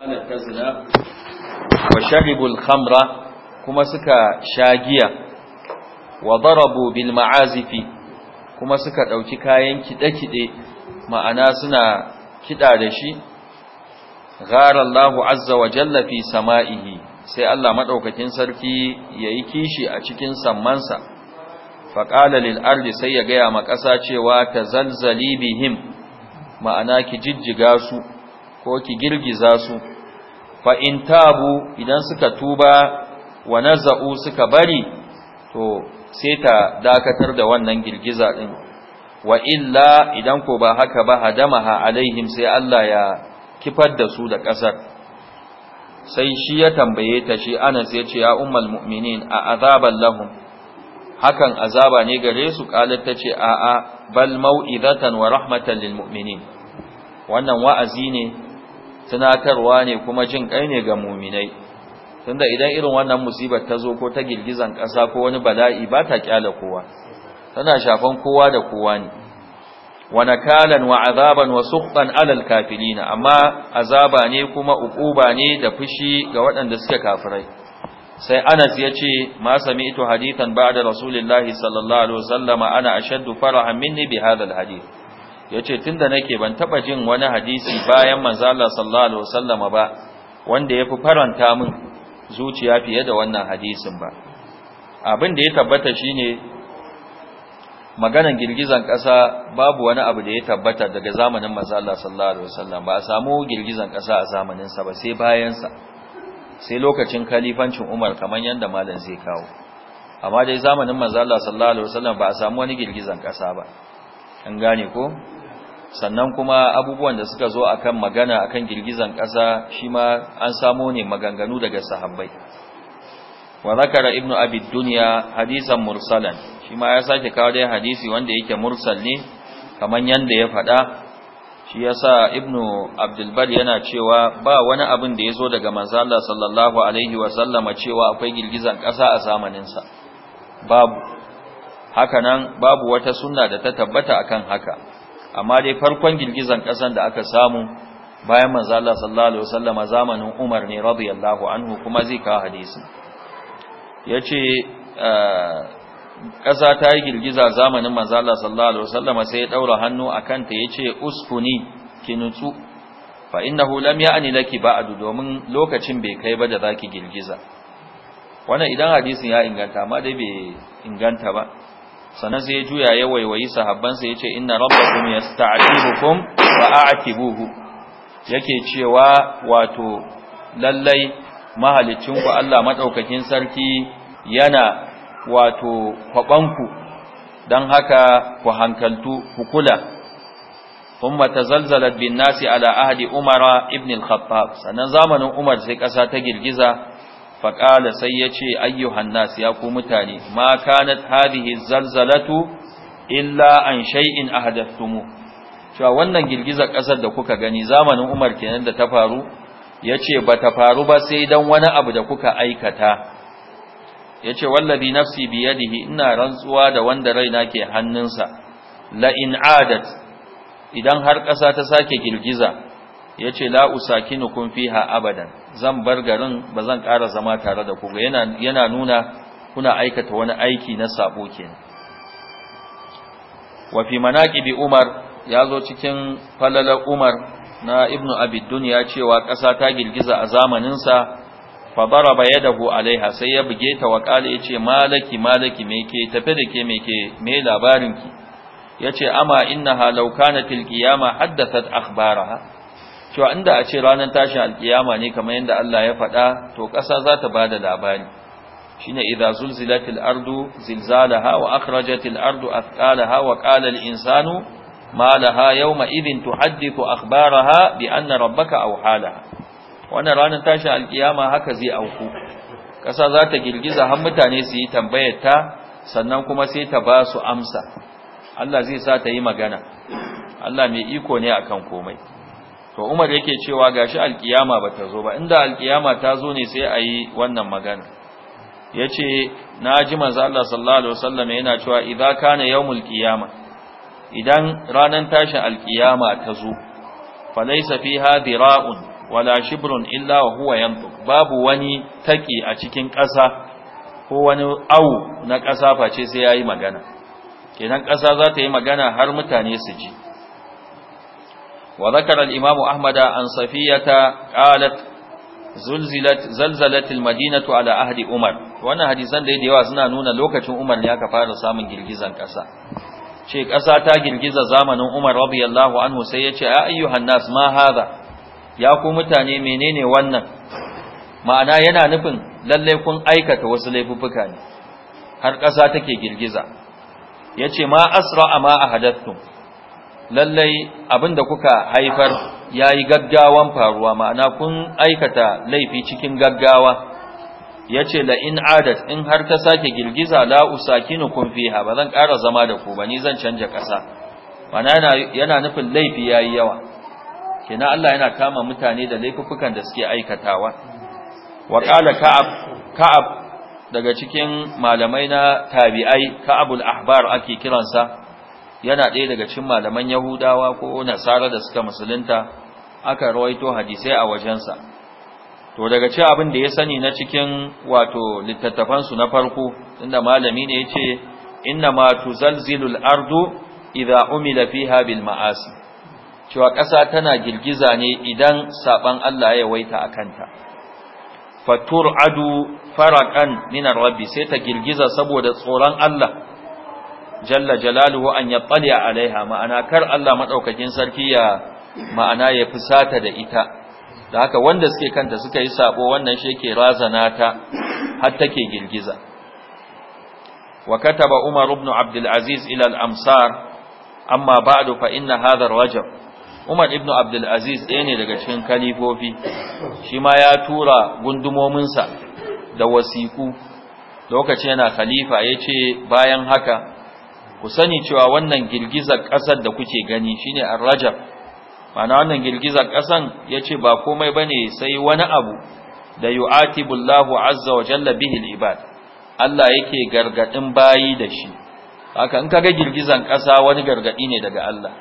halatta wa sharibul khamra kuma suka sha giya wa darabu bil ma'azifi kuma suka ɗauki kayan kiɗe-kiɗe ma'ana suna kiɗa da shi ghara Allahu azza wa jalla fi sama'ihi sai Allah madaukakin sarki yayi kishi a cikin sammansa faqala lil ardi sai ya gaya ma ƙasa cewa ta tazalzali bihim ma'ana ki jijjiga su ko ki girgiza su fa in tabu idan suka tuba wa naza'u suka bari to sai ta dakatar da wannan girgiza din wa illa idan ko ba haka ba hadamaha alaihim sai Allah ya kifar da su da kasar sai shi ya tambaye ta shi Anas ya ce ya ummul mu'minin a azaban lahum hakan azaba ne gare su qalat tace a a bal mau'izatan wa rahmatan lil mu'minin wannan wa'azi ne tunatarwa ne kuma jin kai ne ga muminai tunda idan irin wannan musibar ta zo ko ta girgizan ƙasa ko wani bala'i ba ta kyala kowa tana shafan kowa da kowa ne wa nakalan wa azaban wa suqtan alal kafirina amma azaba ne kuma uquba ne da fushi ga waɗanda suke kafirai sai Anas yace ma sami'tu hadithan ba'da rasulillahi sallallahu alaihi wasallama ana ashaddu farahan minni bi hadha alhadith yace tunda nake ban taba jin wani hadisi bayan manzala sallallahu alaihi wasallam ba wanda yafi faranta min zuciya fiye da wannan hadisin ba abin da ya tabbata shine maganan girgizan kasa babu wani abu da ya tabbata daga zamanin manzala sallallahu alaihi wasallam ba a samu girgizan kasa a zamanin sa ba sai bayan sa sai lokacin khalifancin Umar kaman yanda malam zai kawo amma dai zamanin manzala sallallahu alaihi wasallam ba a samu wani girgizan kasa ba an gane ko sannan kuma abubuwan da suka zo akan magana akan girgizan ƙasa shi ma an samo ne maganganu daga sahabbai wa zakara ibnu abi dunya hadisan mursalan shi ma ya sake kawo dai hadisi wanda yake mursal ne kaman yanda ya faɗa shi yasa ibnu abdul bar yana cewa ba wani abin da yazo daga manzo Allah sallallahu alaihi wa sallama cewa akwai girgizan ƙasa a zamanin sa babu haka nan babu wata sunna da ta tabbata akan haka amma dai farkon girgizan kasan da aka samu bayan manzo Allah sallallahu alaihi wasallama zamanin Umar ne radiyallahu anhu kuma zai kawo hadisi yace kasa ah, ta yi girgiza zamanin manzo Allah sallallahu alaihi wasallama sai ya daura hannu akan ta yace uskuni ki nutsu fa innahu lam ya'ni laki ba'du domin lokacin bai kai ba da zaki girgiza wannan idan hadisin ya inganta amma dai bai inganta ba sannan sai ya juya ya waiwayi sahabbansa yace inna rabbakum yasta'tibukum fa a'tibuhu yake cewa wato lallai mahalicinku Allah maɗaukakin sarki yana wato kwaɓanku dan haka ku hankaltu ku kula thumma tazalzalat bin nasi ala ahadi umara ibn al-khattab sannan zamanin umar sai ƙasa ta girgiza faƙala sai ya ce ayyuhan nas ya ku mutane ma kanat hadhihi zalzalatu illa an shay'in ahdathumu cewa wannan girgizar ƙasar da kuka gani zamanin Umar kenan da ta faru yace ba ta faru ba sai dan wani abu da kuka aikata yace wallazi nafsi yadihi ina rantsuwa da wanda raina ke hannunsa la in adat idan har ƙasa ta sake girgiza ya ce la fi fiha abadan zan bar garin ba zan ƙara zama tare da ku yana yana nuna kuna aikata wani aiki na sabo kenan wa fi manaqibi umar zo cikin falalar umar na ibnu abidun ya cewa ƙasa ta girgiza a zamanin sa fa daraba yadahu alaiha sai ya buge ta wa kale ce malaki malaki me ke tafe da ke me me labarin ki yace ama innaha law kanat alqiyama haddathat akhbaraha cewa inda a ce ranar tashin alkiyama ne kamar yadda Allah ya faɗa to ƙasa za ta bada labari shine idza zulzilatil ardu zilzalaha wa akhrajatil ardu athqalaha wa qala al insanu ma laha yawma idhin tuhaddithu akhbaraha bi anna rabbaka awhalaha wannan ranar tashin alkiyama haka zai auku ƙasa za ta girgiza har mutane su yi tambayar ta sannan kuma sai ta ba su amsa Allah zai sa ta yi magana Allah mai iko ne akan komai to Umar yake cewa gashi alkiyama bata zo ba inda alkiyama ta zo ne sai ayi wannan magana yace naji manzo Allah sallallahu alaihi wasallam yana cewa idza kana yawmul qiyama idan ranan tashi alkiyama ta zo falaysa fiha dira'un wala shibrun illa wa huwa yantuk babu wani taki a cikin ƙasa ko wani au na ƙasa face sai yayi magana kenan ƙasa za ta yi magana har mutane su ji وذكر الإمام Ahmad عن صفية قالت زلزلت زلزلت المدينة على Umar, wannan وانا da da yawa suna nuna lokacin Umar ne aka fara samun girgizan ƙasa. ce ƙasa ta girgiza zamanin Umar radiyallahu anhu sai yace ya ayyuhan nas ma hadha ya ku mutane menene wannan ma'ana yana nufin lalle kun aikata wasu laifuffuka ne har kasa take girgiza yace ma asra ma ahadattum lallai abin da kuka haifar ya yi gaggawan faruwa ma'ana kun aikata laifi cikin gaggawa ya ce in adat in har ta sake girgiza la'usakinu kun fiha ba zan ƙara zama da ku ba ni zan canja ƙasa mana yana nufin laifi ya yi yawa kina Allah yana kama mutane da laifukan da suke aikatawa wa ka'ab ka'ab daga cikin malamai na tabi'ai ka'abul ahbar ake kiransa yana ɗaya daga cin malaman Yahudawa ko Nasara da suka musulunta aka rawaito hadisai a wajensa to daga cikin abin da ya sani na cikin wato littattafan na farko inda malami ne yace inna ma tuzalzilul ardu idza umila fiha bil ma'asi cewa ƙasa tana girgiza ne idan saban Allah ya waita kanta fatur adu faraƙan minar rabbi sai ta girgiza saboda tsoron Allah jalla jalaluhu an yattali alaiha ma'ana kar Allah madaukakin sarki ya ma'ana ya fusata da ita da haka wanda suke kanta suka yi sabo wannan shi yake razana ta har take girgiza wa kataba Umar ibn Abdul Aziz ila al-amsar amma ba'du fa inna hadha ar-rajul Umar ibn Abdul Aziz ɗaya ne daga cikin kalifofi shi ma ya tura gundumominsa da wasiku lokacin yana khalifa yace bayan haka ku sani cewa wannan girgizar ƙasar da kuke gani shine ar-rajab ma'ana wannan girgizar ƙasan yace ba komai bane sai wani abu da yu'atibullahu azza wa jalla bihi al-ibad Allah yake gargadin bayi da shi haka in kaga girgizan ƙasa wani gargadi ne daga Allah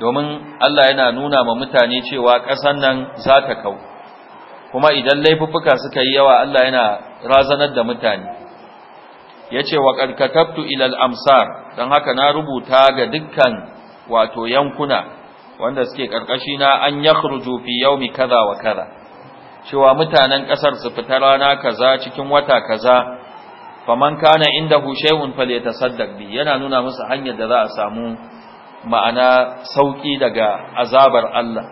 domin Allah yana nuna ma mutane cewa ƙasan nan za ta kau kuma idan laifuffuka suka yi yawa Allah yana razanar da mutane yace wa qad ilal amsar don haka na rubuta ga dukkan wato yankuna wanda suke ƙarƙashi na an yakhruju fi yawmi kaza wa kaza cewa mutanen ƙasar su fita rana kaza cikin wata kaza faman kana fale ta falyatasaddaq bi yana nuna musu hanyar da za a samu ma'ana sauƙi daga azabar Allah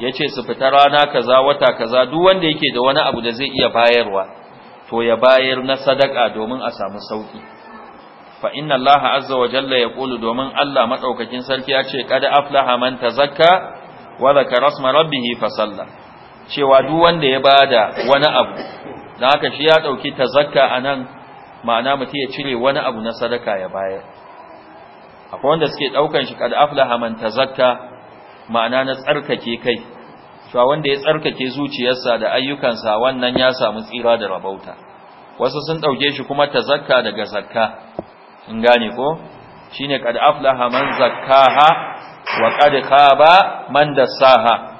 Ya ce su fita rana kaza wata kaza duk wanda yake da wani abu da zai iya bayarwa to ya bayar na sadaka domin a samu sauki fa inna allaha azza wa jalla ya kulu domin Allah madaukakin sarki ya ce kada aflaha man tazakka wa zakara isma rabbih fa salla cewa duk wanda ya bada wani abu dan haka shi ya dauki tazakka anan ma'ana mutum ya cire wani abu na sadaka ya bayar akwai wanda suke daukan shi kada aflaha man tazakka ma'ana na tsarkake kai cewa wanda ya tsarkake zuciyarsa da ayyukansa wannan ya samu tsira da rabauta wasu sun ɗauke shi kuma ta zakka daga zakka in gane ko shi ne aflaha man zakkaha wa kad khaba man dassaha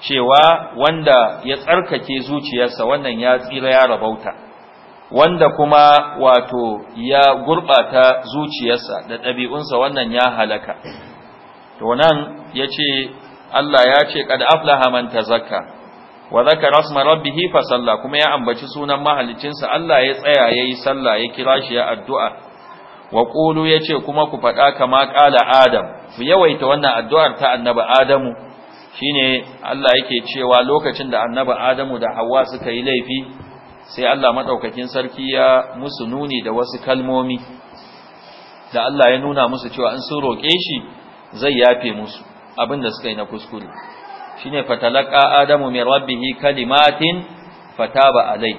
cewa wanda ya tsarkake zuciyarsa wannan ya tsira ya rabauta wanda kuma wato ya gurɓata zuciyarsa da ɗabi'unsa wannan ya halaka to nan yace Allah ya ce kad aflaha man tazakka wa zakara asma rabbih fa salla kuma ya ambaci sunan mahallicinsa Allah ya tsaya yayi sallah ya kira shi ya addu'a wa qulu yace kuma ku faɗa kama qala adam ku yawaita wannan addu'ar ta annabi adamu shine Allah yake cewa lokacin da annabi adamu da Hauwa suka yi laifi sai Allah madaukakin sarki ya musu nuni da wasu kalmomi da Allah ya nuna musu cewa in sun roke shi zai yafe musu abinda suka yi na kuskure shine fatalaqa adamu min rabbihi kalimatin fataba alai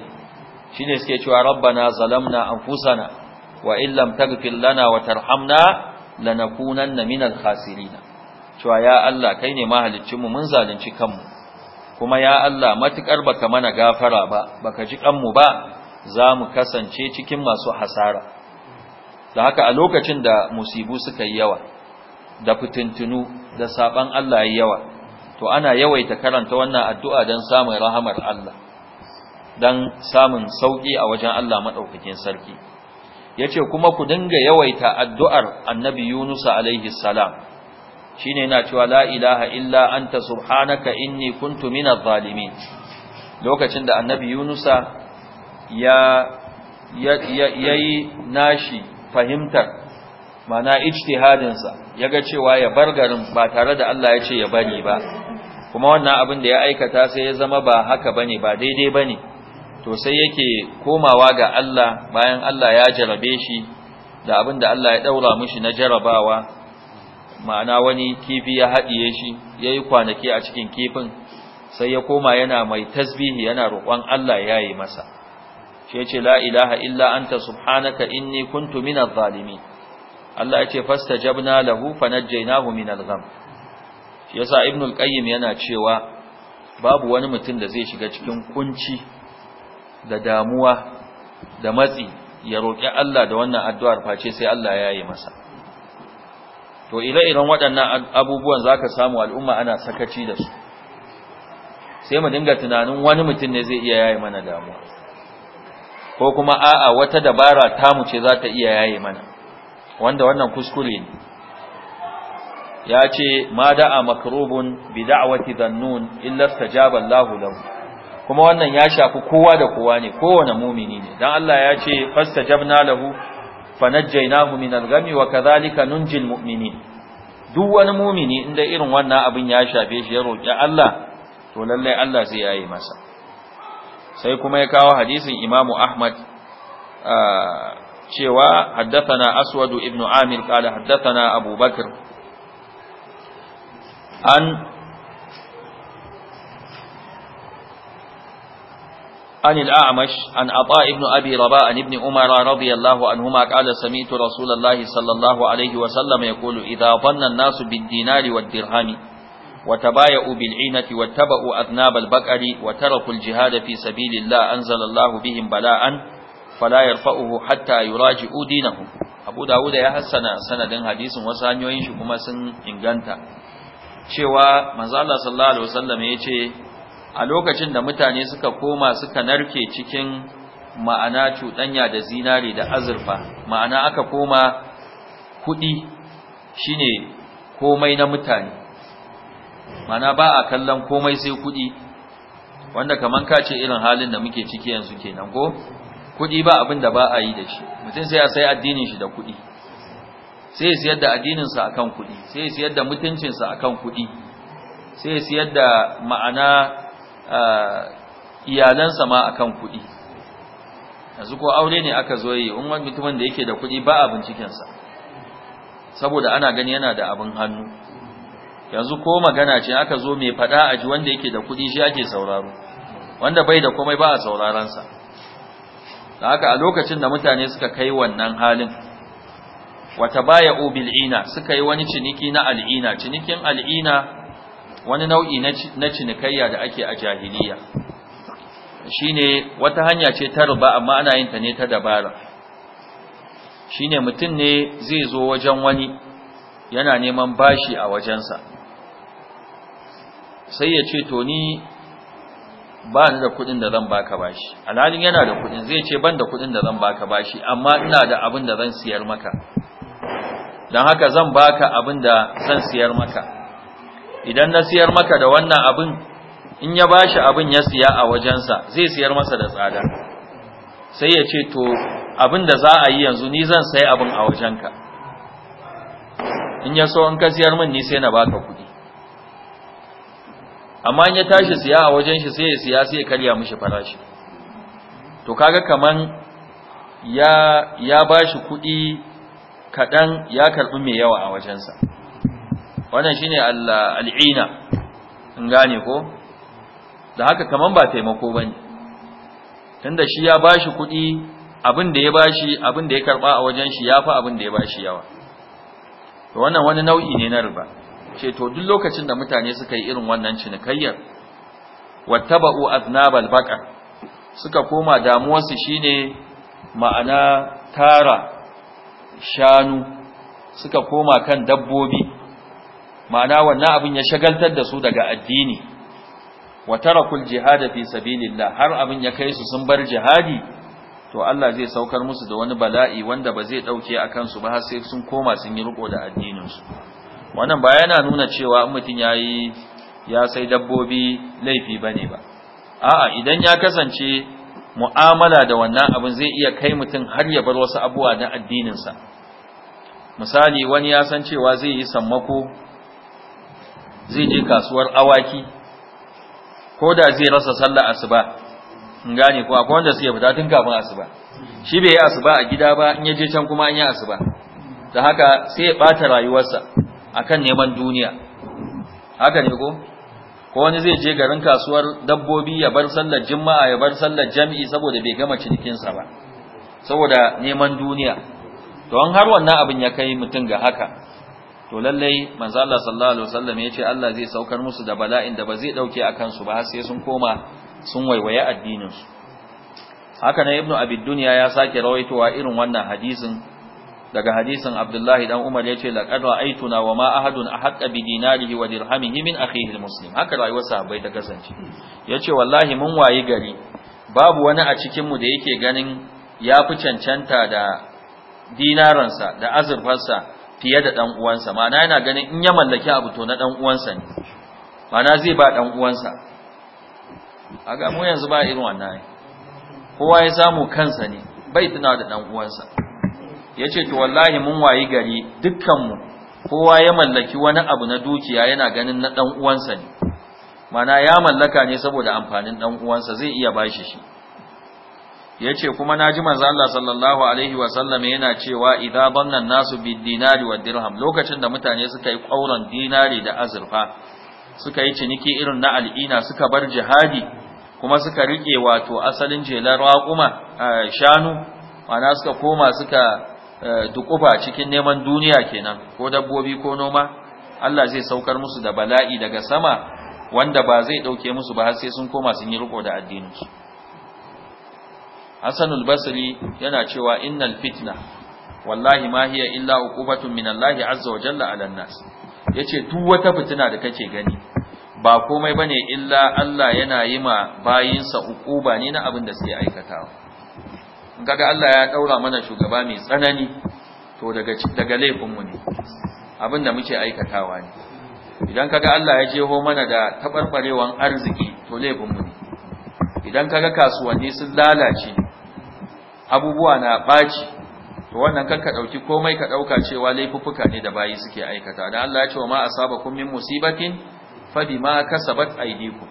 shine suke cewa rabbana zalamna anfusana wa in taghfir lana wa tarhamna lanakunanna minal khasirin cewa ya Allah kai ne mahaliccin mu mun zalunci kanmu kuma ya Allah matukar baka mana gafara ba baka ji kanmu ba za mu kasance cikin masu hasara da haka a lokacin da musibu suka yi yawa da fitintunu da saban Allah yi yawa to ana yawaita karanta wannan addu'a don samun rahamar Allah don samun sauƙi a wajen Allah maɗaukakin sarki yace kuma ku dinga yawaita addu'ar annabi Yunus alaihi salam shine yana cewa la ilaha illa anta subhanaka inni kuntu minadh zalimin lokacin da annabi Yunusa ya yayi nashi fahimtar mana ijtihadinsa ya ga cewa ya bar garin ba tare da Allah ya ce ya bari ba kuma wannan abin da ya aikata sai ya zama ba haka bane ba daidai bane to sai yake komawa ga Allah bayan Allah ya jarabe shi da abin da Allah ya daura mishi na jarabawa ma'ana wani kifi ya haɗiye shi yayi kwanaki a cikin kifin sai ya koma yana mai tasbihi yana roƙon Allah ya yi masa shi ce, la ilaha illa anta subhanaka inni kuntu minadh zalimin Allah ya ce fastajabna lahu fanajjaynahu min al-gham shi yasa ibn al-qayyim yana cewa babu wani mutum da zai shiga cikin kunci da damuwa da matsi ya roki Allah da wannan addu'ar face sai Allah ya yi masa to ila irin waɗannan abubuwan zaka samu al'umma ana sakaci da su sai mu dinga tunanin wani mutum ne zai iya yayi mana damuwa ko kuma a'a wata dabara tamu ce za ta iya yayi mana wanda wannan kuskure ne ya ce ma da'a makrubun bi da'wati dhannun illa istajaba Allahu lahu kuma wannan ya shafi kowa da kowa ne kowane mumini ne dan Allah ya ce fastajabna lahu fanajjaynahu min al-ghami wa kadhalika nunjil mu'minin duk wani mumini inda irin wannan abin ya shafe shi ya roki Allah to lallai Allah zai yayi masa sai kuma ya kawo hadisin Imam Ahmad ah, cewa haddathana aswadu ibnu amir qala haddathana abubakar an عن الأعمش عن عطاء بن أبي رباء عن ابن عمر رضي الله عنهما قال سمعت رسول الله صلى الله عليه وسلم يقول إذا ظن الناس بالدينار والدرهم وتبايعوا بالعينة واتبعوا أذناب البقر وتركوا الجهاد في سبيل الله أنزل الله بهم بلاء فلا يرفعه hatta يراجع دينه Abu داوود ya hassana sanadin hadisin wasu شي kuma sun inganta cewa manzo Allah sallallahu alaihi wasallam yace a lokacin da mutane suka koma suka narke cikin ma'ana cuɗanya da zinari da azurfa ma'ana aka koma kuɗi shine komai na mutane mana ba a kallon komai sai kuɗi wanda kaman kace irin halin da muke ciki yanzu kenan ko kuɗi ba abin da ba a yi da shi mutum sai ya sai addinin shi da kuɗi sai ya siyar da addininsa akan kuɗi sai ya siyar da mutuncinsa akan kuɗi sai ya siyar da ma'ana iyalansa ma akan kuɗi yanzu ko aure ne aka zo yi in wani mutumin da yake da kuɗi ba a bincikensa saboda ana gani yana da abin hannu yanzu ko magana ce aka zo mai faɗa a ji wanda yake da kuɗi shi ake sauraro wanda bai da komai ba a saurarensa da haka a lokacin da mutane suka kai wannan halin wata baya ina suka yi wani ciniki na al'ina cinikin al'ina wani nau'i na cinikayya da ake a jahiliya shine wata hanya ce ta riba amma ana yin ta ne ta dabara shine mutum ne zai zo wajen wani yana neman bashi a wajensa sai ya ce to ni ba ni da kuɗin da zan baka bashi alhalin yana da kuɗin zai ce ban da kuɗin da zan baka bashi amma ina da abin da zan siyar maka don haka zan baka abin da zan siyar maka idan na siyar maka da wannan abin in ya bashi abin ya siya a wajensa zai siyar masa da tsada sai ya ce to abin da za a yi yanzu ni zan sai abin a wajenka in ya so in ka siyar min ni sai na baka kuɗi amma in ya tashi siya a wajen shi sai ya siya sai ya karya mishi farashi to kaga kaman ya ya bashi kuɗi kaɗan ya karɓi mai yawa a wajensa wannan shine al'ina in gane ko da haka kaman ba taimako bane tunda shi ya bashi kuɗi abin da ya bashi abin da ya karɓa a wajen shi yafi abin da ya bashi yawa to wannan wani nau'i ne na riba ce to duk lokacin da mutane suka yi irin wannan cinikayyar wattaba'u aznabal baqar suka koma su shine ma'ana tara shanu suka koma kan dabbobi ma'ana wannan abin ya shagaltar da su daga addini wa tarakul jihad fi sabilillah har abin ya kai su sun bar jihadi to Allah zai saukar musu da wani bala'i wanda ba zai dauke a kansu ba har sai sun koma sun yi riko da addinin su wannan ba yana nuna cewa mutum ya yi ya sai dabbobi laifi ba ne ba a'a idan ya kasance mu'amala da wannan abin zai iya kai mutum har ya bar wasu abubuwa na addininsa misali wani ya san cewa zai yi sammako zai je kasuwar awaki ko da zai rasa sallah asuba in gane ko akwai wanda suke fita tun kafin asuba shi bai yi asuba a gida ba in ya je can kuma an yi asuba da haka sai ya bata rayuwarsa akan neman duniya haka ne ko ko wani zai je garin kasuwar dabbobi ya bar sallar juma'a ya bar sallar jami'i saboda bai gama cinikinsa ba saboda neman duniya to an har wannan abin ya kai mutum ga haka to lallai manzo Allah sallallahu alaihi wasallam ya ce Allah zai saukar musu da bala'in da ba zai dauke a kansu ba har sai sun koma sun waiwaye addinin su haka ne ibnu abid dunya ya sake rawaitowa irin wannan hadisin daga hadisin Abdullahi dan Umar yace laqad ra'aytuna wa ma ahadun ahqqa bi dinarihi wa dirhamihi min akhihi almuslim haka rayuwar sahabbai ta kasance yace wallahi mun wayi gari babu wani a cikin mu da yake ganin ya fi cancanta da dinaransa da azurfarsa fiye da dan uwansa ma'ana yana ganin in ya mallaki abu to na dan uwansa ne ma'ana zai ba dan uwansa aga mu yanzu ba irin wannan kowa ya samu kansa ne bai tuna da dan uwansa yace to wallahi mun wayi gari dukkanmu kowa ya mallaki wani abu na dukiya yana ganin na dan uwansa ne mana ya mallaka ne saboda amfanin dan uwansa zai iya bashi shi yace kuma naji manzo Allah sallallahu alaihi wa sallam yana cewa idza banna nasu bid dinari wad dirham lokacin da mutane suka yi kauran dinari da azurfa suka yi ciniki irin na al'ina suka bar jihadi kuma suka rike wato asalin jelar raƙuma eh, shanu mana suka koma suka Eh, dukufa cikin neman duniya kenan ko dabbobi ko noma Allah zai saukar musu da bala'i daga sama wanda ba zai dauke musu ba har sai sun koma sun yi riko da addininsu Hassanul Basri yana cewa innal fitna wallahi ma hiya illa uqubatun min Allah azza wa jalla ala nas yace duk wata fitina da kake gani ba komai bane illa Allah yana yi ma bayinsa uquba ne na abin da suke aikatawa kaga Allah ya daura mana shugaba mai tsanani to daga daga laifinmu ne abinda muke aikatawa ne idan kaga Allah ya jeho mana da tabarbarewan arziki to laifinmu ne idan kaga kasuwanni sun lalace abubuwa na baci to wannan kanka dauki komai ka dauka cewa laifuffuka ne da bayi suke aikata dan Allah ya ce wa ma asabakum min musibatin fa bima kasabat aydikum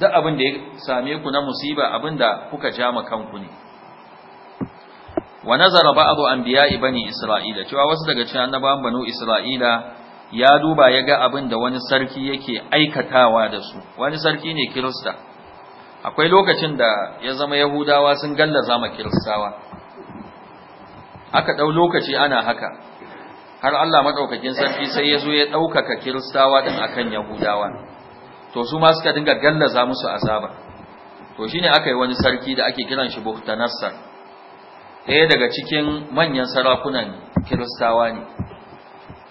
duk abin da ya same ku na musiba abin da kuka jama kanku ne wa nazara ba'du anbiya'i bani isra'ila cewa wasu daga cikin annabawan banu isra'ila ya duba ya ga abin da wani sarki yake aikatawa da su wani sarki ne kirista akwai lokacin da ya zama yahudawa sun gallaza ma kiristawa aka dau lokaci ana haka har Allah madaukakin sarki sai ya zo ya daukaka kiristawa din akan yahudawa to su ma suka dinga gallaza musu azaba to shine aka yi wani sarki da ake kiran shi Buhtanassar ɗaya daga cikin manyan sarakunan kiristawa ne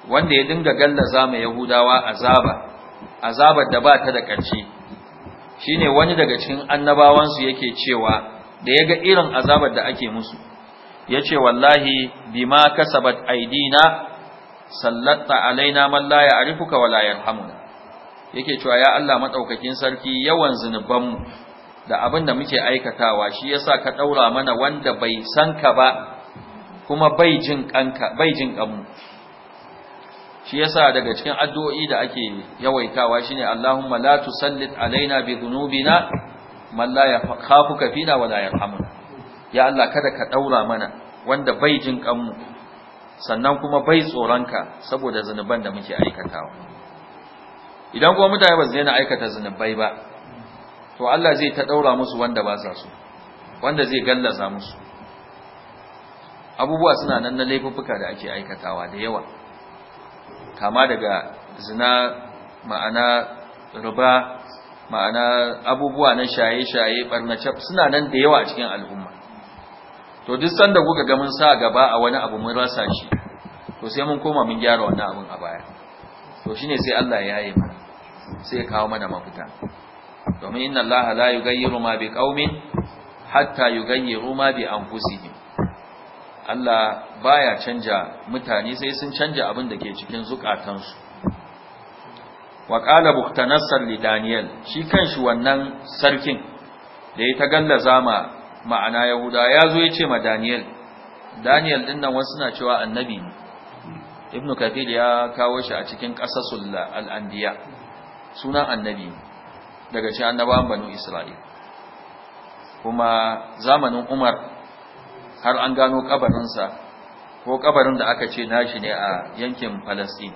wanda ya dinga gallaza mai yahudawa azaba azabar da ba ta da ƙarshe shi ne wani daga cikin annabawansu yake cewa da ya ga irin azabar da ake musu ya ce wallahi bima kasabat aidina sallatta alaina man la ya'rifuka wa la yarhamuna yake cewa ya Allah madaukakin sarki yawan zunubanmu da abin da muke aikatawa shi yasa ka daura mana wanda bai san ka ba kuma bai jin kanka bai jin kanmu shi yasa daga cikin addu'o'i da ake yawaitawa shine Allahumma la tusallit alaina bi dhunubina man la yakhafuka fina wa la yarhamuna ya Allah kada ka daura mana wanda bai jin kanmu sannan kuma bai tsoronka saboda zanuban da muke aikatawa idan kuma mutane ba su daina aikata zanubai ba to Allah zai ta daura musu wanda ba sa so wanda zai gallaza musu abubuwa suna nan na laifuffuka da ake aikatawa da yawa kama daga zina ma'ana riba ma'ana abubuwa na shaye-shaye barnace suna nan da yawa a cikin al'umma to duk sanda kuka ga mun sa gaba a wani abu mun rasa shi to sai mun koma mun gyara wannan abun a baya to shine sai Allah ya yi mana sai ya kawo mana mafita domin inna Allah la yughayyiru ma qaumin hatta yughayyiru ma bi anfusihim Allah baya canja mutane sai sun canja abin da ke cikin zukatansu wa qala buktanassar li daniel shi kanshi wannan sarkin da ya tagalla ma ma'ana yahuda ya zo ya ce ma daniel daniel din nan wasu na cewa annabi ne ibnu kathir ya kawo shi a cikin qasasul al sunan annabi ne daga cikin annabawan banu Isra'il kuma zamanin Umar har an gano kabarinsa ko kabarin da aka ce nashi ne a yankin Palestine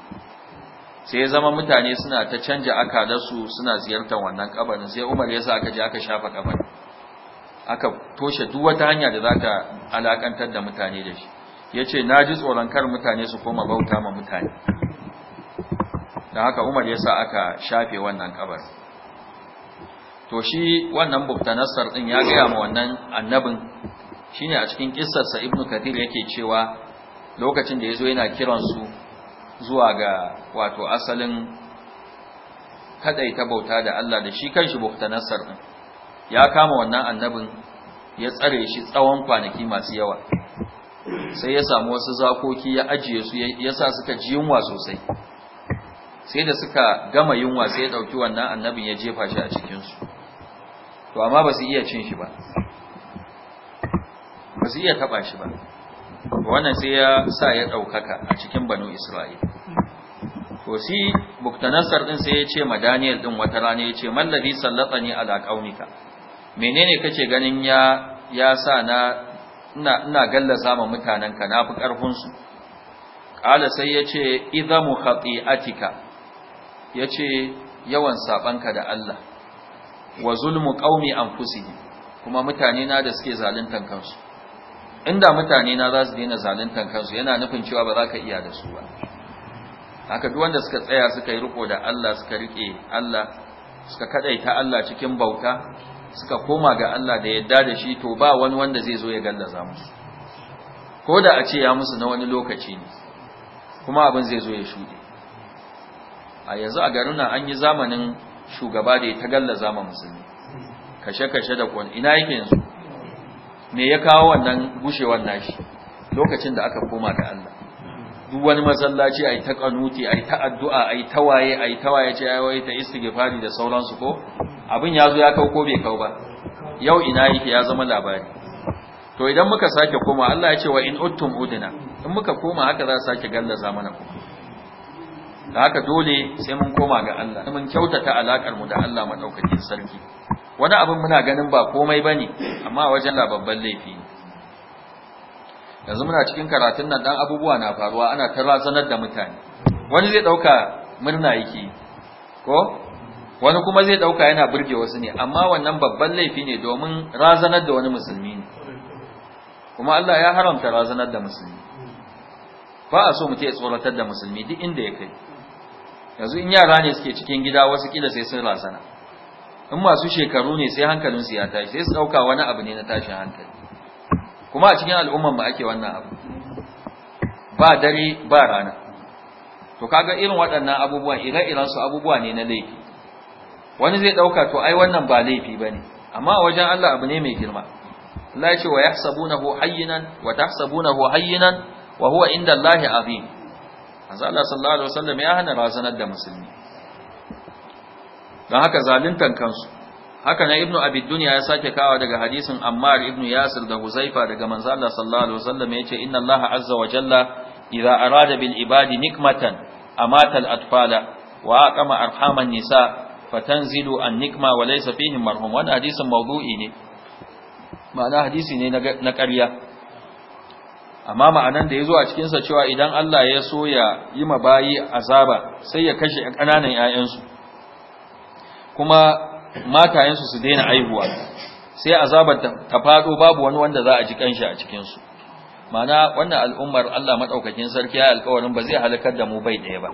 sai ya zama mutane suna ta canja akalarsu suna ziyartar wannan kabarin sai Umar ya sa aka je aka shafa kabarin aka toshe duk wata hanya da za zaka alakantar da mutane da shi yace ji tsoron kar mutane su koma bauta ma mutane dan haka Umar ya sa aka shafe wannan kabarin to shi wannan buktanassar din ya gaya ma wannan annabin shine a cikin kissarsa ibnu kathir yake cewa lokacin da yazo yana kiran su zuwa ga wato asalin kadaita bauta da Allah da shi kanshi buktanassar din ya kama wannan annabin ya tsare shi tsawon kwanaki masu yawa sai ya samu wasu zakoki ya ajiye su ya sa suka ji yunwa sosai sai da suka gama yunwa sai ya ɗauki wannan annabin ya jefa shi a cikinsu. to amma ba su iya cin shi ba ba su iya taɓa shi ba wannan sai ya sa ya ɗaukaka a cikin banu isra'il to si muktanassar din sai ya ce ma daniel ɗin wata rana ya ce mallabi sallatani ala qaumika menene kace ganin ya ya sa na ina ina gallaza ma mutanenka na fi karfin su sai ya ce idhamu khati'atika ya ce yawan sabanka da Allah wa zulmu qaumi anfusihim kuma mutane na da suke zaluntan kansu inda mutane na za su daina zaluntan kansu yana nufin cewa ba za ka iya da su ba haka duk wanda suka tsaya suka yi riko da Allah suka rike Allah suka kadaita Allah cikin bauta suka koma ga Allah da yadda da shi to ba wani wanda zai zo ya gallaza musu ko da a ce ya musu na wani lokaci ne kuma abin zai zo ya shuɗe a yanzu a garin na an yi zamanin shugaba da ya tagalla zama musulmi kashe-kashe da kwan ina yake yanzu me ya kawo wannan gushewar nashi lokacin da aka koma ga Allah duk wani masallaci ai ta kanuti ai ta addu'a ai ta waye ai ta waye ce ai ta istighfari da sauransu ko abin ya zo ya kau ko bai kau ba yau ina yake ya zama labari to idan muka sake koma Allah ya ce wa in uttum udina in muka koma haka za sake gallaza mana kuma da haka dole sai mun koma ga Allah mun kyautata alakar mu da Allah madaukakin sarki wani abin muna ganin ba komai bane amma wajen la babban laifi yanzu muna cikin karatun nan dan abubuwa na faruwa ana tarazanar da mutane wani zai dauka murna yake ko wani kuma zai dauka yana burge wasu ne amma wannan babban laifi ne domin razanar da wani musulmi ne kuma Allah ya haramta razanar da musulmi ba a so mu ya tsoratar da musulmi duk inda ya kai yanzu in yara ne suke cikin gida wasu kila sai sun rasana. in masu shekaru ne sai hankalinsu ya tashi sai su ɗauka wani abu ne na tashin hankali kuma a cikin al'umman mu ake wannan abu ba dare ba rana to kaga irin waɗannan abubuwa ire-iren su abubuwa ne na laifi wani zai ɗauka to ai wannan ba laifi ba ne amma wajen Allah abu ne mai girma Allah ya ce wa yahsabunahu hayyinan wa tahsabunahu hayyinan wa huwa inda Allah azim manzo Allah sallallahu alaihi wasallam ya hana razanar da musulmi dan haka zaluntan kansu haka na ibnu abi dunya ya sake kawo daga hadisin ammar ibnu yasir da huzaifa daga manzo Allah sallallahu alaihi wasallam yace inna Allah azza wa jalla idza arada bil ibadi nikmatan amata al atfala wa aqama arhaman nisa fatanzilu an nikma wa laysa fihim marhum wannan hadisin mawdu'i ne ma'ana hadisi ne na ƙarya amma ma'anan da ya zo a cikinsa cewa idan Allah ya so ya yi ma bayi azaba sai ya kashe ƙananan 'ya'yansu kuma matayensu su daina aihuwa sai azabar ta faɗo babu wani wanda za a ji kanshi a cikinsu mana wannan al'ummar Allah maɗaukakin sarki ya alƙawarin ba zai halakar da mu bai ɗaya ba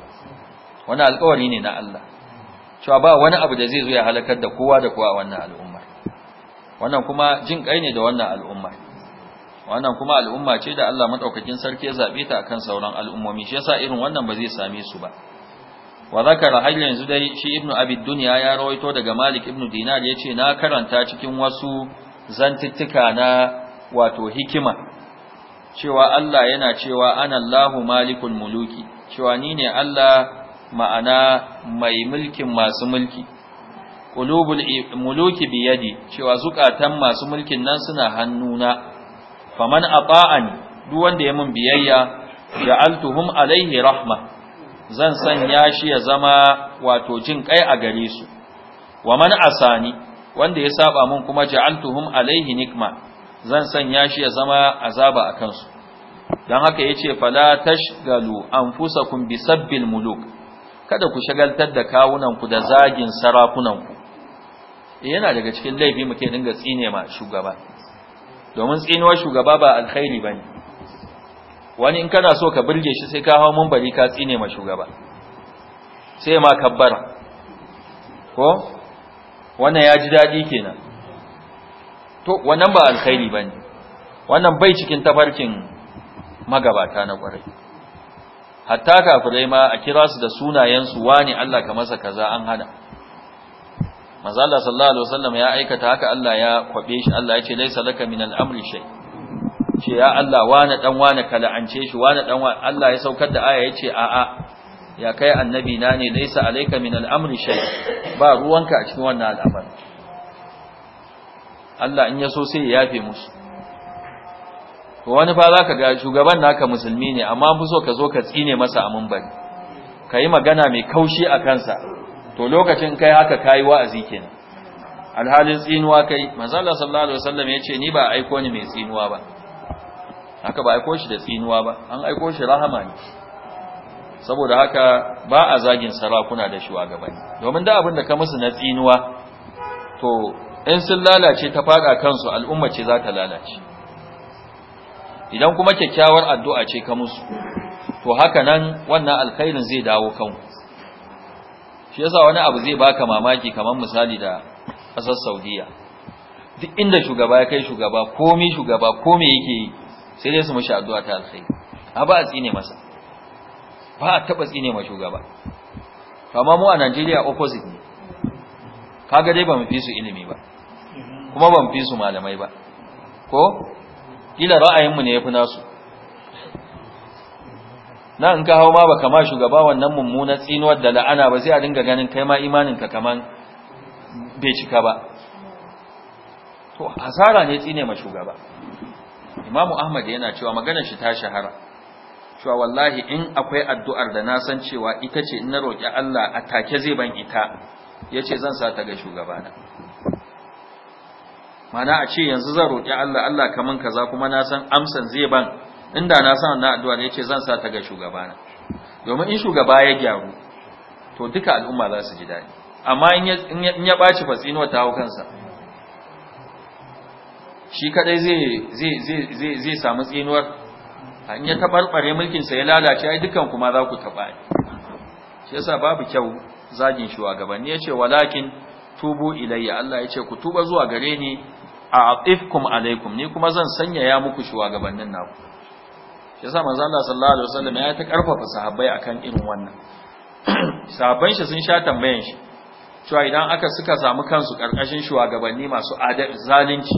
wani alƙawari ne na Allah cewa ba wani abu da zai zo ya halakar da kowa da kowa wannan al'ummar wannan kuma jin ƙai ne da wannan al'ummar wannan kuma al'umma ce da Allah madaukakin sarki ya zabe ta akan sauran al'ummomi shi yasa irin wannan ba zai same su ba wa zakara har yanzu dai shi ibnu abi dunya ya rawaito daga malik ibnu dinar yace na karanta cikin wasu zantuttuka na wato hikima cewa Allah yana cewa ana Allahu malikul muluki cewa ni ne Allah ma'ana mai mulkin masu mulki qulubul muluki biyadi cewa zukatan masu mulkin nan suna hannuna faman ata'ani duk wanda ya mun biyayya ja'altuhum alaihi rahma zan sanya shi ya zama wato jin kai a gare su wa man asani wanda ya saba mun kuma ja'altuhum alaihi nikma zan sanya shi ya zama azaba a kansu dan haka yace fala tashgalu anfusakum bisabbil muluk kada ku shagaltar da kawunan ku da zagin sarakunan ku eh, yana daga cikin laifi muke dinga tsine ma shugaba domin tsinuwar shugaba ba alkhairi ba ne. wani in kana so ka birge shi sai ka hau munbari ka tsine ma shugaba sai ma kabbara ko wannan ya ji dadi kenan to wannan ba alkhairi bane wannan bai cikin tafarkin magabata na kwarai hatta kafirai ma a kira su da sunayensu wani Allah ka masa kaza an hana manzo Allah sallallahu alaihi wasallam ya aikata haka Allah ya kwabe shi Allah ya ce laisa laka min al-amri shay ce ya Allah wani dan wani kala an ce shi wani dan wani Allah ya saukar da aya ce a a ya kai annabi na ne laisa alayka min al-amri shay ba ruwanka a cikin wannan al'amar Allah in ya so sai ya yafe musu to wani fa zaka ga shugaban naka musulmi ne amma mu so ka zo ka tsine masa a munbari kai magana mai kaushi a kansa to lokacin kai haka kai wa'azi kenan alhalin tsinuwa kai manzo Allah sallallahu alaihi wasallam yace ni ba aiko ni mai tsinuwa ba haka ba aiko shi da tsinuwa ba an aiko shi rahama ne saboda haka ba a zagin sarakuna da shi shugabanni domin da abin da ka musu na tsinuwa to in sun lalace ta fada kansu al'umma ce za ta lalace idan kuma kyakkyawar addu'a ce ka musu to haka nan wannan alkhairin zai dawo kanku shi yasa wani abu zai baka mamaki kamar misali da ƙasar Saudiya duk inda shugaba ya kai shugaba komai shugaba komai yake yi sai dai su mashi addu'a ta alkhairi a ba a tsine masa ba a taba tsine ma shugaba amma mu a Najeriya opposite ne kaga dai ba mu fi su ilimi ba kuma ba mu fi su malamai ba ko kila ra'ayinmu ne yafi nasu na in ka hau ma ba kama shugaba wannan mummunar tsinuwar da la'ana ba zai a dinga ganin kai ma imaninka kaman bai cika ba to hasara ne tsine ma shugaba imamu ahmad yana cewa maganar shi ta shahara cewa wallahi in akwai addu'ar da na san cewa ita ce in na roƙi Allah a take zai ban ita yace zan sa ta ga shugabana mana a ce yanzu zan roƙi Allah Allah kaman kaza kuma na san amsan zai ban inda na sa wannan addu'a ne ce zan sa ta ga shugabana domin in shugaba ya gyaru to duka al'umma za su ji daɗi amma in ya ɓaci fatsino ta hawo kansa shi kadai zai zai samu tsinuwar in ya mulkin sa ya lalace ai dukan kuma za ku taɓa shi yasa babu kyau zagin shugabanni ya ce walakin tubu ilayya Allah ya ce ku tuba zuwa gare ni a ifkum alaikum ni kuma zan sanya ya muku shugabannin naku yasa manzo Allah sallallahu alaihi wasallam ya ta karfafa sahabbai akan irin wannan sahabban shi sun sha tambayan shi cewa idan aka suka samu kansu karkashin shugabanni masu zalunci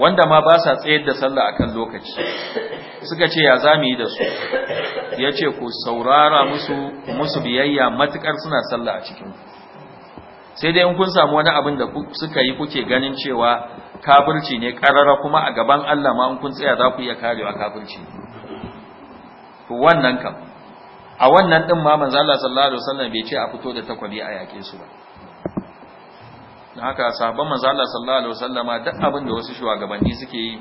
wanda ma ba sa tsayar da sallah akan lokaci suka ce ya zamu yi da su yace ku saurara musu musu biyayya matukar suna sallah a cikin sai dai in kun samu wani abin da suka yi kuke ganin cewa kafirci ne karara kuma a gaban Allah ma in kun tsaya za ku iya karewa kafirci ne to wannan kam a wannan din ma manzo Allah sallallahu alaihi wasallam bai ce a fito da takwabi a yake su ba haka sahabban manzo Allah sallallahu alaihi wasallama duk abin da wasu shugabanni suke yi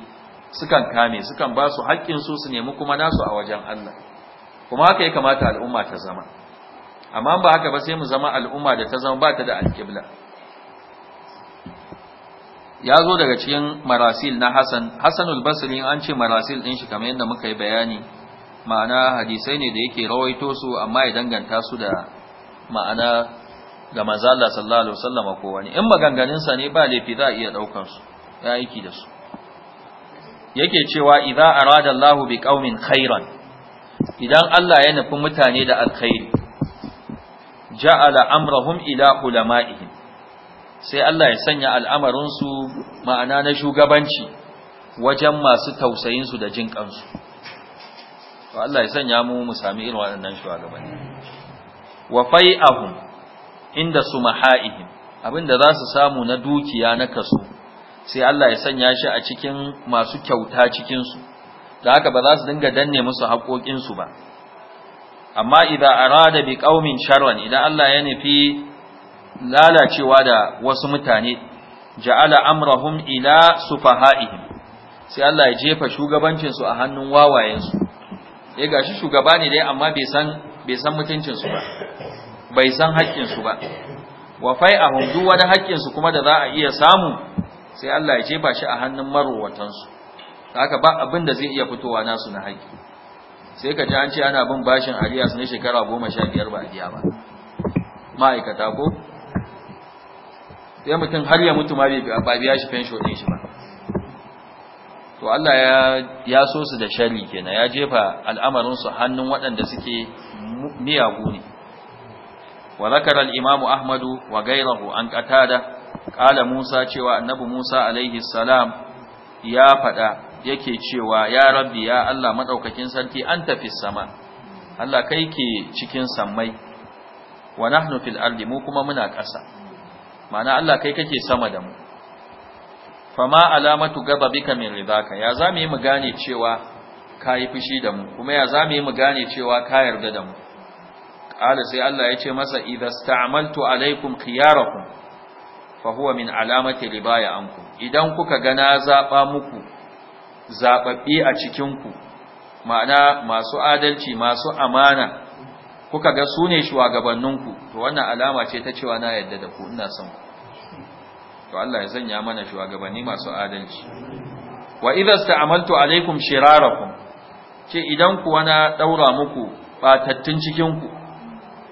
sukan kame sukan ba su haƙƙin su su nemi kuma nasu a wajen Allah kuma haka ya kamata al'umma ta zama amma ba haka ba sai mu zama al'umma da ta zama ba ta da alƙibla ya zo daga cikin marasil na Hassan Hassanul Basri an ce marasil din shi kamar yadda muka yi bayani ma'ana hadisai ne da yake rawaito su amma ya danganta su da ma'ana ga manzo sallallahu alaihi wasallam ko wani in maganganunsa ne ba laifi za a iya daukar su ya aiki da su yake cewa idza arada Allahu bi qaumin khairan idan Allah ya nufi mutane da alkhairi ja'ala amrahum ila ulama'ihim sai Allah ya sanya al'amarin su ma'ana na shugabanci wajen masu tausayin su da jin kansu Allah ya sanya mu mu sami irin waɗannan shugabanni wa fai'ahum inda sumahaihim abinda za su samu na dukiya na kasu. sai Allah ya sanya shi a cikin masu kyauta cikin su da haka ba za su dinga danne musu haƙoƙin su ba amma idan arada bi qaumin sharran idan Allah ya nufi lalacewa da wasu mutane ja'ala amrahum ila sufahaihim sai Allah ya jefa shugabancin su a hannun wawayensu ya eh, gashi shugaba ne dai amma bai san bai ba bai san haƙƙin su ba wa a hundu wani haƙƙin su kuma da za a iya samu sai Allah ya jefa shi a hannun marowatansu su haka ba abin da zai iya fitowa nasu na haƙƙi sai ka ji an ce ana bin bashin Aliyas na shekara 15 ba a biya ba ma'aikata ko sai mutum har ya mutu ma bai biya shi fensho din shi ba to Allah ya ya so su da shari kenan ya jefa al'amarin su hannun waɗanda suke miyagu ne wa zakara al-imam Ahmad wa Gairahu an qatada qala Musa cewa annabi Musa alaihi salam ya faɗa yake cewa ya rabbi ya Allah madaukakin sarki an tafi sama Allah kai ke cikin sammai wa nahnu fil ardi mu kuma muna ƙasa ma'ana Allah kai kake sama da mu fama alamatu gaba bika min ridaka ya zamu yi mu gane cewa kai fushi da mu kuma ya zamu yi mu gane cewa ka yarda da mu qala sai Allah ya ce masa idza sta'maltu alaikum khiyarakum fa huwa min alamati ribaya ankum idan kuka ga na zaba muku zababbi a cikin ku ma'ana masu adalci masu amana kuka ga sune shugabanninku to wannan alama ce ta cewa na yarda da ku ina son ku to Allah ya sanya mana shugabanni masu adalci wa idza sta'amaltu alaykum shirarakum ce idan kuwa na daura muku batattun cikin ku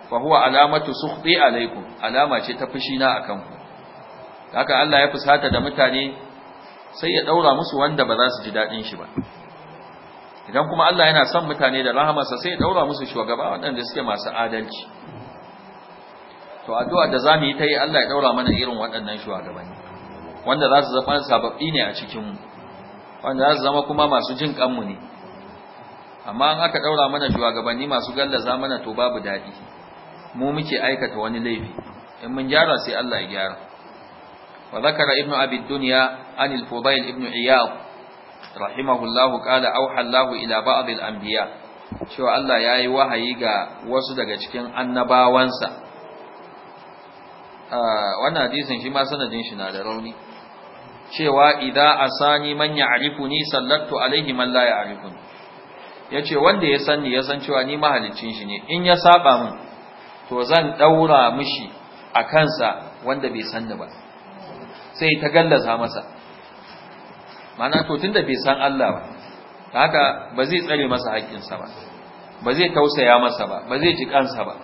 fa huwa alamatu sukhti alaykum alama ce ta fushi na akan ku haka Allah ya fusata da mutane sai ya daura musu wanda ba za su ji dadin shi ba idan kuma Allah yana son mutane da rahamarsa sai ya daura musu shugaba waɗanda suke masu adalci to addu'a da zamu yi ta yi Allah ya daura mana irin waɗannan shugabanni wanda za su zama sababbi ne a cikinmu wanda za su zama kuma masu jin kanmu ne amma an aka daura mana shugabanni masu gallaza mana to babu daɗi mu muke aikata wani laifi in mun gyara sai Allah ya gyara wa zakara ibnu abi dunya an al-fudail ibnu iyad rahimahullahu qala auha Allahu ila ba'd al-anbiya cewa Allah yayi wahayi ga wasu daga cikin annabawansa ah, wannan hadisin shi ma sanadin shi na da rauni cewa a asani man ya ni, sallattu alaihi man la Ya yace wanda ya sani ya san cewa ni mahalicin shi ne in ya saba min to zan daura mishi a kansa wanda bai san ba sai ta gallaza masa mana to tunda bai san Allah ba haka ba zai tsare masa haƙƙinsa ba ba zai tausaya masa ba ba zai ji kansa ba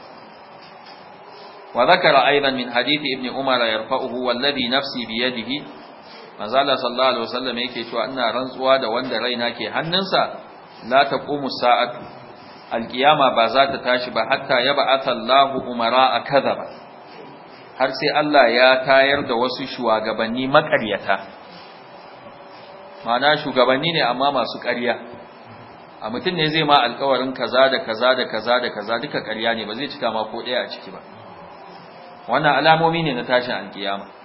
wa zakara aidan min hadisi ibn umar yarfa'uhu wallazi nafsi bi yadihi manzo Allah sallallahu alaihi wasallam yake cewa ina rantsuwa da wanda raina ke hannunsa la taqumu sa'atu alqiyama ba za ta tashi ba hatta yab'atha Allahu umara ba. har sai Allah ya tayar da wasu shugabanni makaryata mana shugabanni ne amma masu ƙarya a mutum ne zai ma alƙawarin kaza da kaza da kaza da kaza duka ƙarya ne ba zai cika ma ko ɗaya a ciki ba wannan alamomi ne na tashin alƙiyama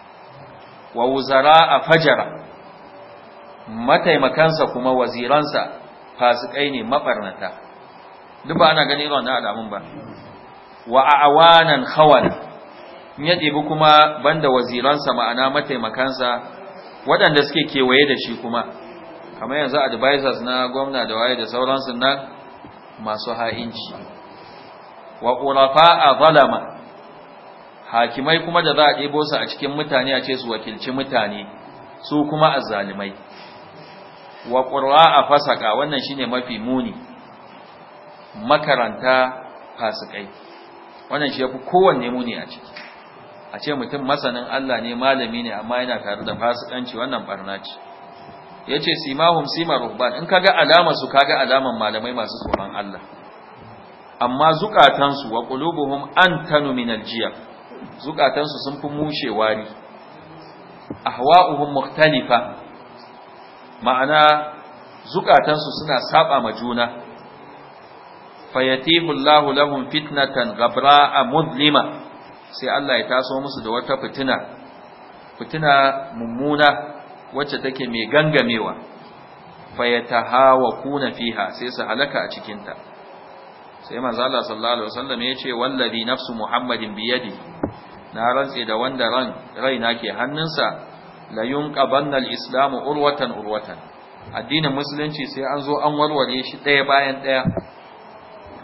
wa wuzara a fajara mataimakansa kuma waziransa fasikai ne mabarnata duk ba ana gani irin wannan alamun ba wa a'wanan khawal ya ɗebi kuma banda waziransa ma'ana mataimakansa waɗanda suke kewaye da shi kuma kamar yanzu advisors na gwamna da waye da sauransu nan masu ha'inci wa qurafa a zalama hakimai kuma da za a ɗebo su a cikin mutane a ce su wakilci mutane su kuma a zalimai wa a fasaka wannan ne mafi muni makaranta fasikai wannan shi ya fi kowanne muni a ciki a ce mutum masanin Allah ne malami ne amma yana tare da fasikanci wannan barna ce Ya ce Simahun sima ruhban in kaga alama su kaga alaman malamai masu tsoron Allah amma zukatansu wa an tanu minar jiya. zukatansu sun fi mushe wari ahwa'uhum mukhtalifa ma'ana zukatansu suna saba ma juna fayatihu Allahu lahum fitnatan ghabra'a mudlima sai Allah ya taso musu da wata fitina fitina mummuna wacce take mai gangamewa fayatahawakuna fiha sai su halaka a cikinta sai manzo Allah sallallahu alaihi wasallam ya ce wallazi nafsu muhammadin biyadihi na rantse da wanda ran raina ke hannunsa la yunqabanna al urwatan urwatan addinin musulunci sai an zo an warware shi ɗaya bayan ɗaya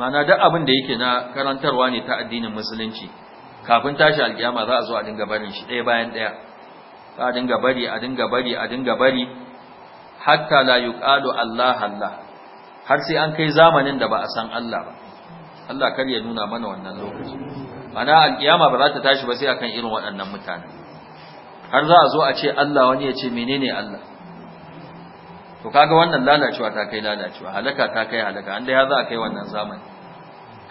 mana duk abin da yake na karantarwa ne ta addinin musulunci kafin tashi alkiyama za a zo a dinga barin shi ɗaya bayan ɗaya za a dinga bari a dinga bari a dinga bari hatta la yuqalu Allah Allah har sai an kai zamanin da ba a san Allah ba Allah kar ya nuna mana wannan lokaci mana alkiyama ba za ta tashi ba sai akan irin waɗannan mutane har za a zo a ce Allah wani ya ce menene Allah to kaga wannan lalacewa ta kai lalacewa halaka ta kai halaka an dai za a kai wannan zamani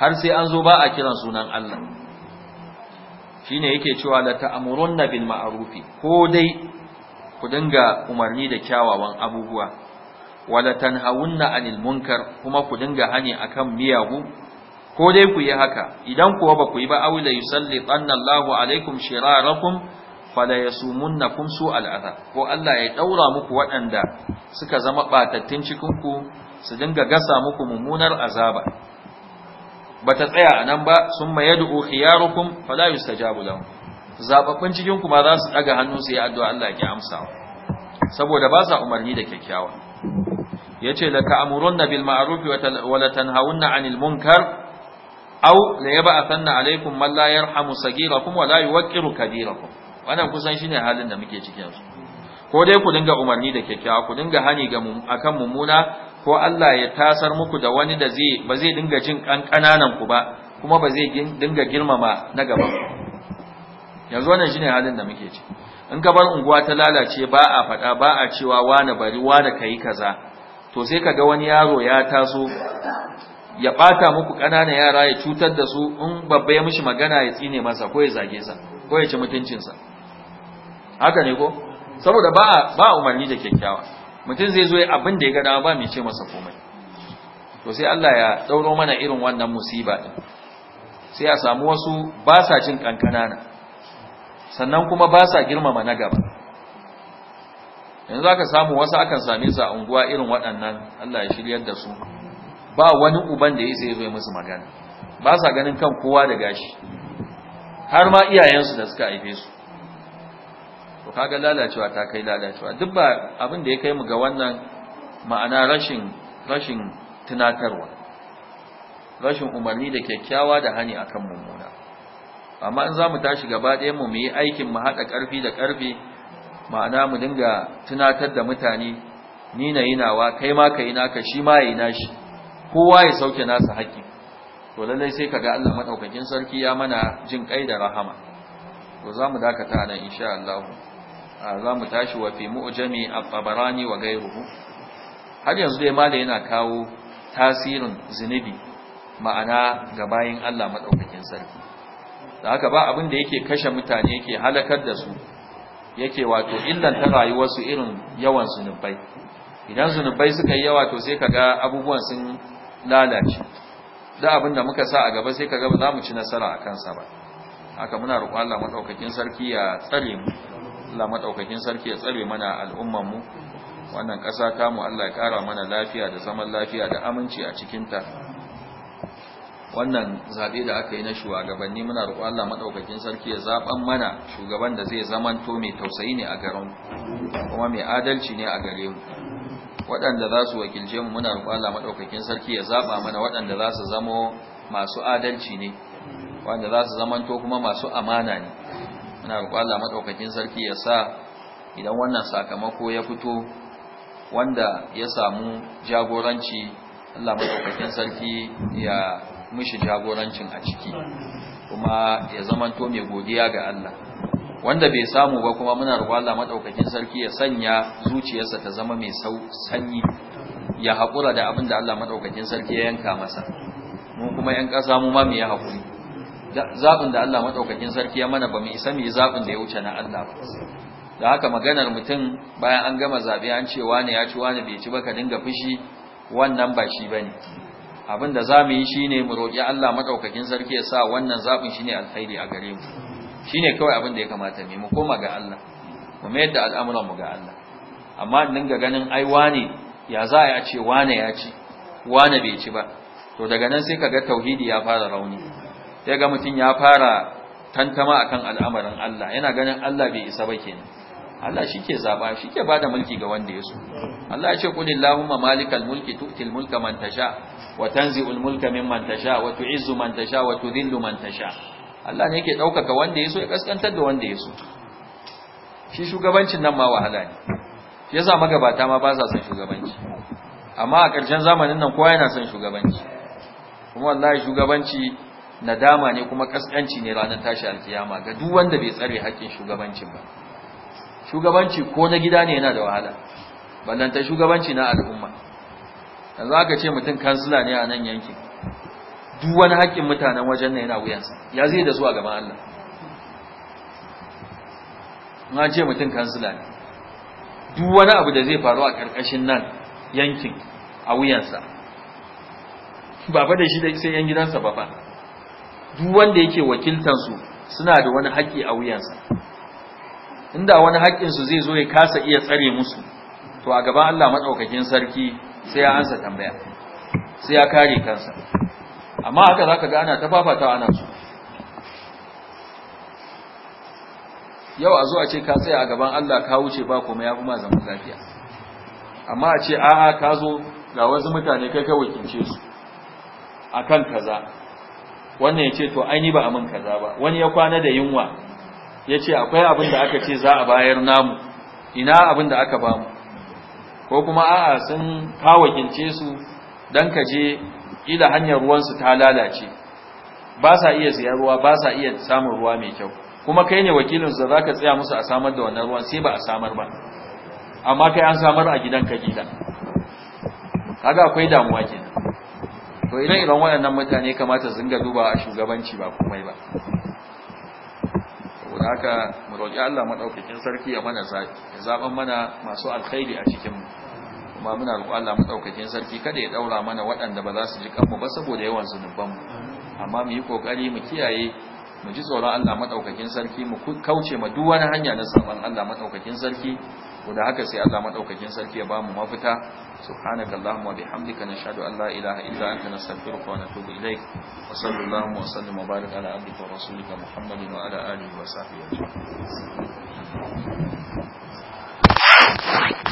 har sai an zo ba a kiran sunan Allah shine yake cewa la ta'murunna bil ma'rufi ko dai ku dinga umarni da kyawawan abubuwa wala tanhawunna anil munkar kuma ku dinga hani akan miyagu ko dai ku yi haka idan kuwa ba ku yi ba aula yusalli annallahu alaikum shirarakum fala yasumunnakum su al'adha ko Allah ya daura muku waɗanda suka zama batattun cikin ku su dinga gasa muku mummunar azaba bata tsaya anan ba summa yad'u khiyarukum fala yustajabu lahum zababbin cikin ku ma za su daga hannu su yi addu'a Allah ya amsa saboda ba sa umarni da kyakkyawa yace la ta'murunna bil ma'ruf wa la tanhawunna 'anil munkar au la yaba asanna alaykum man la yarhamu sagirakum wa la yuwaqqiru kabirakum wannan kusan shine halin da muke cikin su ko dai ku dinga umarni da kyakkyawa ku dinga hani ga akan mummuna ko Allah ya tasar muku da wani da zai ba zai dinga jin kankananan ku ba kuma ba zai dinga girmama na gaba yanzu wannan shine halin da muke ciki in ka bar unguwa ta lalace ba a faɗa ba a cewa wani bari wani kai kaza to sai kaga wani yaro ya taso ya bata muku ƙananan yara ya cutar da su in babba ya mishi magana ya tsine masa ko ya zage sa ko ya ci mutuncinsa haka ne ko saboda ba ba umarni da kyakkyawa mutum zai zo ya abin da ya ga ba mai ce masa komai to sai Allah ya dauro mana irin wannan musiba din sai a samu wasu ba sa cin na sannan kuma ba sa girmama na gaba yanzu aka samu wasu akan same su a unguwa irin waɗannan Allah ya shiryar da su ba wani uban da ya zai zo musu magana ba sa ganin kan kowa da gashi har ma iyayensu da suka haife su to kaga lalacewa ta kai lalacewa duk ba abin da ya kai mu ga wannan ma'ana rashin rashin tunatarwa rashin umarni da kyakkyawa da hani akan mummuna amma in za mu tashi gaba ɗaya mu mu yi aikin mu haɗa ƙarfi da ƙarfi ma'ana mu dinga tunatar da mutane ni na yi nawa kai ma ka yi naka shi ma ya yi nashi kowa ya sauke nasa haƙƙi to lallai sai kaga Allah madaukakin sarki ya mana jin kai da rahama to zamu dakata nan insha Allah zamu tashi wa fi mu'jami at-tabarani wa ghayruhu har yanzu dai mala yana kawo tasirin zinubi ma'ana ga bayin Allah madaukakin sarki da haka ba abin da yake kashe mutane yake halakar da su yake wato illan ta rayuwarsu irin yawan zunubai idan zunubai suka yi yawa to sai kaga abubuwan sun lalace da abin da muka sa a gaba sai kaga ba za mu ci nasara a kansa ba haka muna roƙon Allah madaukakin sarki ya tsare mu Allah madaukakin sarki ya tsare mana al'umman mu wannan ƙasa ta mu Allah ya ƙara mana lafiya da zaman lafiya da aminci a cikin ta wannan zaɓe da aka yi na shugabanni muna roƙon Allah madaukakin sarki ya zaban mana shugaban da zai zamanto mai tausayi ne a garin kuma mai adalci ne a gare mu waɗanda za su wakilce mu muna roƙon Allah sarki ya zaba mana waɗanda za su zamo masu adalci ne waɗanda za su zamanto kuma masu amana ne muna roƙon Allah madaukakin sarki ya sa idan wannan sakamako ya fito wanda ya samu jagoranci Allah madaukakin sarki ya mishi jagorancin a ciki kuma ya zamanto mai godiya ga Allah wanda bai samu ba kuma muna roƙon Allah madaukakin sarki ya sanya zuciyarsa ta zama mai sanyi ya haƙura da abin Allah madaukakin sarki ya yanka masa mu kuma yan ƙasa mu ma mu yi haƙuri zaɓin da Allah madaukakin sarki ya mana ba mu isa mu yi zaɓin da ya wuce na Allah ba da haka maganar mutum bayan an gama zaɓe an ce wani ya ci wani bai ci ba ka dinga fushi wannan ba shi bane abin da za mu yi shine mu roƙi Allah maɗaukakin sarki ya sa wannan zaɓin shine alkhairi a gare mu shine kawai abin da ya kamata mu koma ga Allah mu mayar da al'amuran mu ga Allah amma dinga ganin ai wane ya za a ce wane ya ci wane bai ci ba to daga nan sai kaga tauhidi ya fara rauni sai ga mutun ya fara tantama akan al'amuran Allah yana ganin Allah bai isa ba kenan Allah shike zaba shike bada mulki ga wanda ya so Allah ya ce qul illahumma malikal mulki tu'til mulka man tasha wa tanzi'ul mulka mimman tasha wa tu'izzu man tasha wa tudhillu man tasha Allah ne yake ɗaukaka wanda ya so ya kaskantar da wanda ya so shi shugabancin nan ma wahala ne shi yasa magabata ma ba sa son shugabanci amma a ƙarshen zamanin nan kowa yana son shugabanci kuma wallahi shugabanci nadama ne kuma kaskanci ne ranar tashi alkiyama ga duk wanda bai tsare haƙƙin shugabancin ba shugabanci ko na gida ne yana da wahala ballanta shugabanci na al'umma yanzu aka ce mutum kansila ne a nan yankin duk wani haƙƙin mutanen wajen nan yana wuyansa ya zai da su a gaban Allah na ce mutum kansila ne duk wani abu da zai faru a ƙarƙashin nan yankin a wuyansa ba da shi sai yan gidansa ba fa duk wanda yake wakiltansu suna da wani haƙƙi a wuyansa inda wani haƙƙinsu zai zo ya kasa iya tsare musu to a gaban Allah maɗaukakin sarki sai ya ansa tambaya sai ya kare kansa amma haka ka ga ana ta ana su yau a zo a ce ka tsaya a gaban Allah ka wuce ba kuma ya fi ma zaman lafiya amma a ce a'a ka zo ga wasu mutane kai ka wakince su akan kaza wannan ya ce to an yi ba amin kaza ba wani ya kwana da yunwa ya ce akwai abin da aka ce za a bayar namu ina abin da aka bamu ko kuma a'a sun kawakince su dan ka je kila hanyar ruwansu ta lalace ba sa iya siyar ruwa ba sa iya samun ruwa mai kyau kuma kai ne wakilinsu da za ka tsaya musu a samar da wannan ruwan sai ba a samar ba amma kai an samar a gidan ka gida kaga akwai damuwa kenan to idan idan waɗannan mutane kamata su dinga duba a shugabanci ba komai ba saboda haka mu roƙi Allah madaukakin sarki ya mana zaki ya mana masu alkhairi a cikin mu kuma muna roƙon Allah madaukakin sarki kada ya daura mana waɗanda ba za su ji kanmu ba saboda yawan zunuban mu amma mu yi kokari mu kiyaye mu ji tsoron Allah madaukakin sarki mu kauce ma duk wani hanya na saban Allah madaukakin sarki ko haka sai Allah madaukakin sarki ya bamu mafita subhanakallahumma wa bihamdika nashhadu an la ilaha illa anta nastaghfiruka wa natubu ilaik wa sallallahu wa sallim wa barik ala abdika wa rasulika muhammadin wa ala alihi wa sahbihi